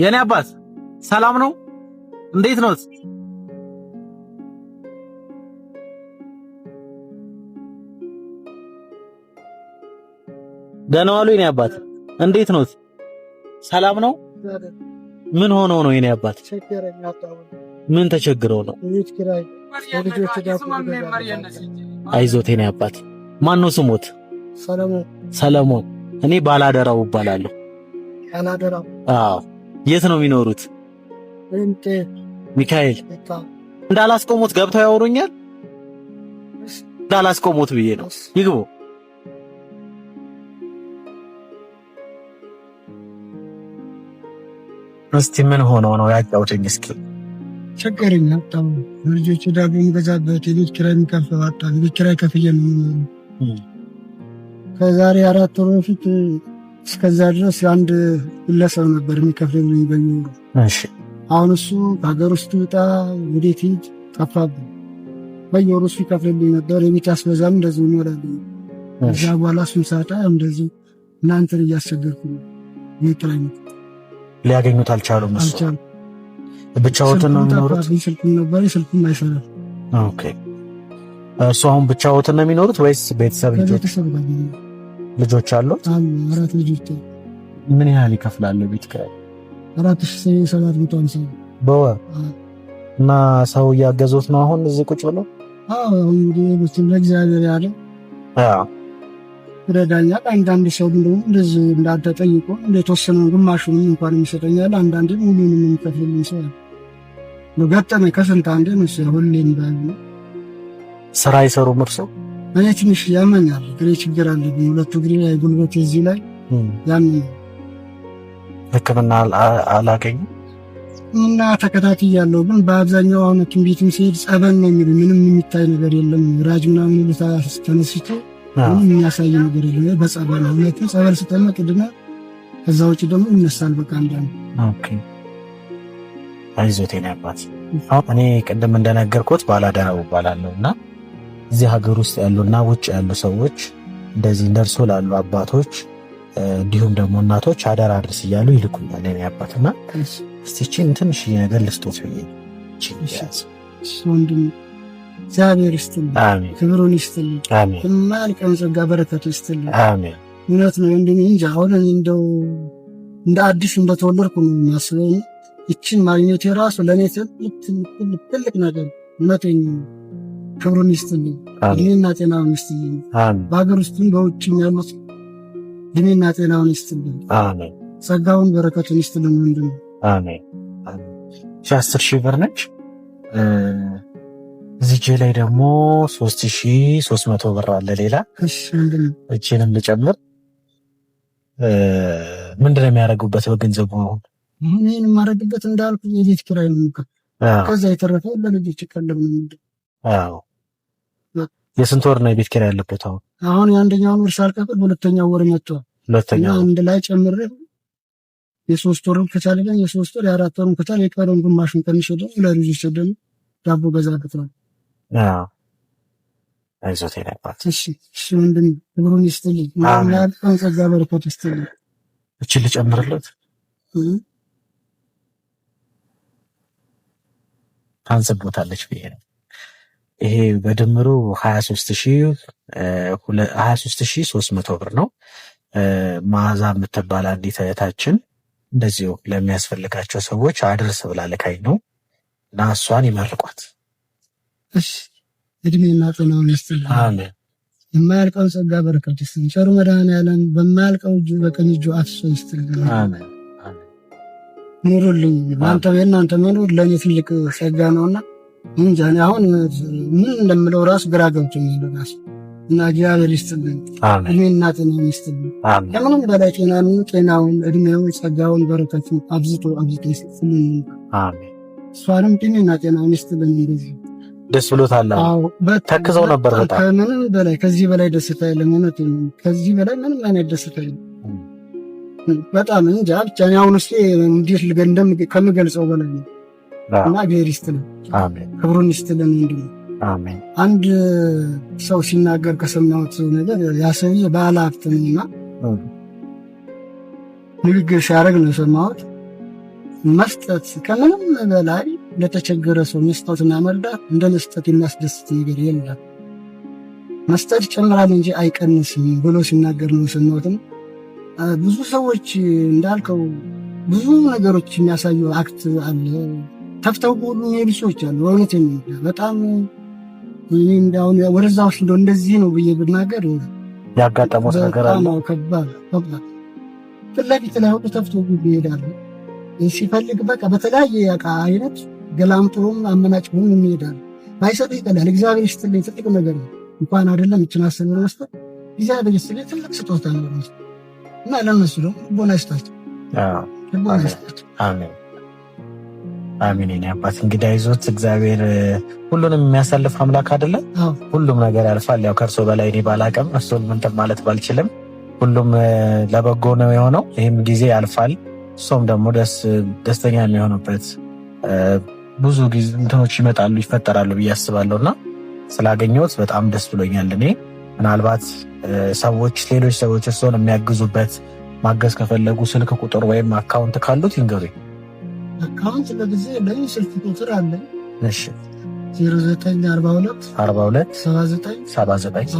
የኔ አባት ሰላም ነው? እንዴት ነው? ደህና ዋሉ የኔ አባት። እንዴት ነው? ሰላም ነው? ምን ሆኖ ነው የኔ አባት? ምን ተቸግረው ነው? አይዞት የኔ አባት። ማን ነው ስሞት? ሰለሞን። ሰለሞን፣ እኔ ባላደራው እባላለሁ። አዎ የት ነው የሚኖሩት? ሚካኤል እንዳላስቆሙት ገብተው ያወሩኛል። እንዳላስቆሙት ብዬ ነው። ይግቡ። እስቲ ምን ሆኖ ነው ያጫውተኝ እስኪ። ቸገረኝ አጣሁ። ልጆች ዳቦ የምገዛበት የቤት ኪራይ የሚከፍል አጣሁ። የቤት ኪራይ ከፍዬ ነው ከዛሬ አራት ወር በፊት እስከዛ ድረስ አንድ ግለሰብ ነበር የሚከፍልልኝ በሚሉ አሁን እሱ ከሀገር ውስጥ ውጣ ወዴት ሂድ ጠፋብኝ። በየወሩ እሱ ይከፍልልኝ ነበር። የቤት አስበዛም እንደዚህ ይሞላልኝ። ከዛ በኋላ እሱን ሳጣ እንደዚህ እናንተን እያስቸገርኩ ቤት ላይ ሊያገኙት አልቻሉም። እሱ ብቻዎትን ነው የሚኖሩት። ስልኩም ነበር ስልኩም አይሰራም። ኦኬ እሱ አሁን ብቻዎትን ነው የሚኖሩት ወይስ ቤተሰብ ልጆች? ልጆች አሉት? አራት ልጆች። ምን ያህል ይከፍላል ቤት ኪራይ? አራት ሺህ ሰባት መቶ ሃምሳ በወር እና ሰው እያገዙት ነው አሁን እዚህ ቁጭ ብሎ። እግዚአብሔር ያለ ይረዳኛል። አንዳንድ ሰው እንደውም እንደዚህ እንዳንተ ጠይቆ እንደተወሰነ ግማሹንም እንኳን የሚሰጠኛል። አንዳንድ ሙሉንም የሚከፍልልኝ ሰው ገጠመ ከስንት አንዴ ሁሌም ስራ አይሰሩም እርሶ? እኔ ትንሽ ያመኛል፣ እግሬ ችግር አለብኝ። ሁለቱ እግሬ ላይ ጉልበት እዚህ ላይ ያን ሕክምና አላገኝም እና ያለው ግን በአብዛኛው አሁን ሐኪም ቤትም ሲሄድ ጸበል ነው የሚሉ ምንም የሚታይ ነገር የለም። ራጅ ምናምን ቦታ ተነስቶ ምንም የሚያሳይ ነገር የለም። በጸበል ነው ሁለቱ ጸበል ስጠመቅ ድና ከዛ ውጭ ደግሞ ይነሳል። በቃ እንዳለ አይዞቴን አባት እኔ ቅድም እንደነገርኩት ባላደራው እባላለሁ እና እዚህ ሀገር ውስጥ ያሉና ውጭ ያሉ ሰዎች እንደዚህ እንደርሶ ላሉ አባቶች እንዲሁም ደግሞ እናቶች አደራ አድርስ እያሉ ይልኩኛል። የኔ አባትና እስቲ ትንሽ ነገር ልስጦት ብዬ ወንድም እግዚአብሔር ይስጥልኝ፣ ክብሩን ይስጥልኝ፣ የማያልቀውን ጸጋ በረከቱ ይስጥልኝ። እውነት ነው ወንድም እንጂ አሁን እንደው እንደ አዲስ እንደተወለድኩ ነው የሚያስበኝ። ይችን ማግኘት የራሱ ለእኔ ትልቅ ትልቅ ነገር እውነተኛ ክብሩን ይስጥልኝ፣ እድሜና ጤናውን ይስጥልኝ። በሀገር ውስጥም በውጭም ያሉት እድሜና ጤናውን ይስጥልኝ፣ ጸጋውን በረከቱን ይስጥልን። ወንድ ሺህ አስር ሺህ ብር ነች። እዚህ ላይ ደግሞ ሶስት ሺ ሶስት መቶ ብር አለ። ሌላ እችንም ልጨምር። ምንድነው የሚያደርጉበት በገንዘቡ? አሁን ይህን የማደርግበት እንዳልኩ የቤት ኪራይ ነው። ከዛ የተረፈ ለልጆች ቀለብ ነው። የስንት ወር ነው የቤት ኪራይ ያለበት? አሁን አሁን የአንደኛውን ወር ሳልቀጥል ሁለተኛው ወር መጥቷል። ሁለተኛ አንድ ላይ ጨምሬ የሶስት ወርም ከቻለ ግን የሶስት ወር የአራት ወርም ከቻለ የቀረውን ግማሽን ቀንሽ ደ ለልጆች ዳቦ ገዛ ክትላል አይዞት ነባት ወንድም ይስጥልኝ። ጸጋ በረከት ይስጥልኝ። ልጨምርለት ታንስቦታለች ብዬ ነው ይሄ በድምሩ 23300 ብር ነው። ማዛ የምትባል አንዲት እህታችን እንደዚሁ ለሚያስፈልጋቸው ሰዎች አድርስ ብላ ልካኝ ነው እና እሷን ይመርቋት። እድሜና ጤናውን ይስጥልን። የማያልቀው ጸጋ በረከት ይስጥልን። ቸሩ መድኃኔዓለም በማያልቀው እጁ በቀኝ እጁ አፍሶ ይስጥልን። ኑሩልኝ። እናንተ የእናንተ መኖር ለእኔ ትልቅ ጸጋ ነውና እንጃ አሁን ምን እንደምለው ራስ ግራ ገብቶኛል። ራስ እና እግዚአብሔር ይስጥልን፣ እድሜና እናትን ይስጥልን። ከምንም በላይ ጤናን፣ ጤናውን፣ እድሜውን፣ ጸጋውን፣ በረከቱን አብዝቶ አብዝቶ ይስጥልን። እሷንም እድሜና ጤናውን ይስጥልን። እንደዚህ ደስ ብሎታል። ተክዘው ነበር። በጣም ከምንም በላይ ከዚህ በላይ ደስታ የለም። እውነት ከዚህ በላይ ምንም አይነት ደስታ የለም። በጣም እንጃ ብቻ አሁን ውስጤ እንዴት ከምገልጸው በላይ ነው። እና እግዚአብሔር ይስጥልን፣ ክብሩን ይስጥልን። ወንድሙ አንድ ሰው ሲናገር ከሰማሁት ነገር ያ ሰውዬ ባለ ሀብት ንግግር ሲያደርግ ነው የሰማሁት። መስጠት ከምንም በላይ ለተቸገረ ሰው መስጠትና መርዳት እንደ መስጠት የሚያስደስት ነገር የለም። መስጠት ይጨምራል እንጂ አይቀንስም ብሎ ሲናገር ነው የሰማሁትም። ብዙ ሰዎች እንዳልከው ብዙ ነገሮች የሚያሳዩ አክት አለ ተፍተው በሁሉ የሄዱ ሰዎች አሉ። በእውነት በጣም እንዳሁን ወደዛ ውስጥ እንደው እንደዚህ ነው ብዬ ብናገር ያጋጠሙት ነገር አለ። ከባድ ከባድ ፊት ለፊት ላይ ሁሉ ተፍቶ ይሄዳሉ። ሲፈልግ በቃ በተለያየ ያቃ አይነት ገላምጦም አመናጭ ሆኑ ይሄዳሉ። ባይሰጥ ይጠላል። እግዚአብሔር ይስጥልኝ ትልቅ ነገር ነው። እንኳን አይደለም እችን አስር መስጠት እግዚአብሔር ይስጥልኝ ትልቅ ስጦታ ነው እና ለነሱ ደግሞ ልቦና ይስጣቸው፣ ልቦና ይስጣቸው። አሜን አሚን ኔ አባት እንግዲህ አይዞት። እግዚአብሔር ሁሉንም የሚያሳልፍ አምላክ አይደለም። ሁሉም ነገር ያልፋል። ያው ከእርሶ በላይ እኔ ባላቀም እርሶን ምንትን ማለት ባልችልም ሁሉም ለበጎ ነው የሆነው። ይህም ጊዜ ያልፋል። እሶም ደግሞ ደስተኛ የሚሆኑበት ብዙ ጊዜ እንትኖች ይመጣሉ ይፈጠራሉ ብዬ አስባለሁ እና ስላገኘሁት በጣም ደስ ብሎኛል። እኔ ምናልባት ሰዎች ሌሎች ሰዎች እርሶን የሚያግዙበት ማገዝ ከፈለጉ ስልክ ቁጥር ወይም አካውንት ካሉት ይንገሩኝ። አካውንት ለጊዜ ለይ ስልክ ቁጥር አለ እሺ 0942 42 79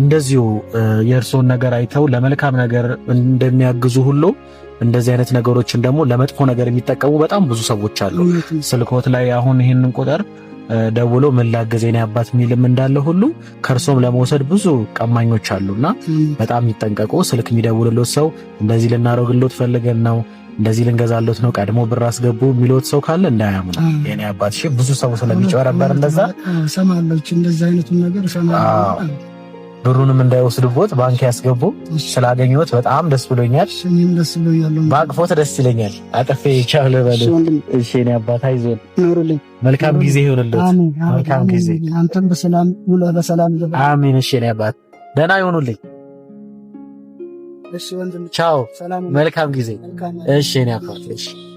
እንደዚሁ የእርስዎን ነገር አይተው ለመልካም ነገር እንደሚያግዙ ሁሉ እንደዚህ አይነት ነገሮችን ደግሞ ለመጥፎ ነገር የሚጠቀሙ በጣም ብዙ ሰዎች አሉ። ስልኮት ላይ አሁን ይህንን ቁጥር ደውሎ ምን ላግዝ የኔ አባት የሚልም እንዳለ ሁሉ ከእርሶም ለመውሰድ ብዙ ቀማኞች አሉና በጣም ይጠንቀቁ። ስልክ የሚደውልሎት ሰው እንደዚህ ልናደርግሎት ፈልገን ነው እንደዚህ ልንገዛሎት ነው ቀድሞ ብር አስገቡ የሚለት ሰው ካለ እንዳያምኑ። የኔ አባት ብዙ ሰው ስለሚጨበረበር እንደዛ ሰማለች እንደዚህ አይነቱን ነገር ሰማ ብሩንም እንዳይወስድቦት ባንክ ያስገቡ። ስላገኘሁት በጣም ደስ ብሎኛል። በአቅፎት ደስ ይለኛል። አጠፌ ይቻለ በእኔ አባታ ይዞን ኖሩልኝ። መልካም ጊዜ ይሆንለት። መልካም ጊዜ አንተም በሰላም ውለህ በሰላም ግባ። እሺ የእኔ አባት ደህና ይሆኑልኝ። ቻው። መልካም ጊዜ። እሺ የእኔ አባት እሺ